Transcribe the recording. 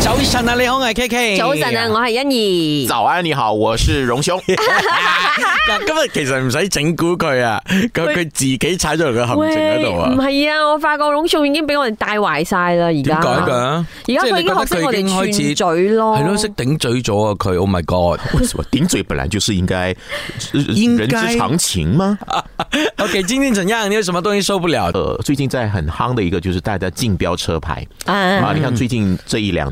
早晨啊，你好，我係 K K。早晨啊，我係欣怡。早安，你好，我是榮兄。 今日其實唔使整蠱佢啊，佢佢自己踩咗我個陷阱喺度啊。唔係啊，我發覺榮兄已經俾我哋帶壞晒啦，而家點解噶？而家佢已經學識我哋串嘴咯，係咯，識頂嘴咗啊佢。Oh my god！為什麼頂嘴本來就是應該人之常情嗎？OK，該 最近怎樣？你有什麼東西受不了？最近在很夯的一個就是大家競標車牌啊，um。啊，你看最近這一輛。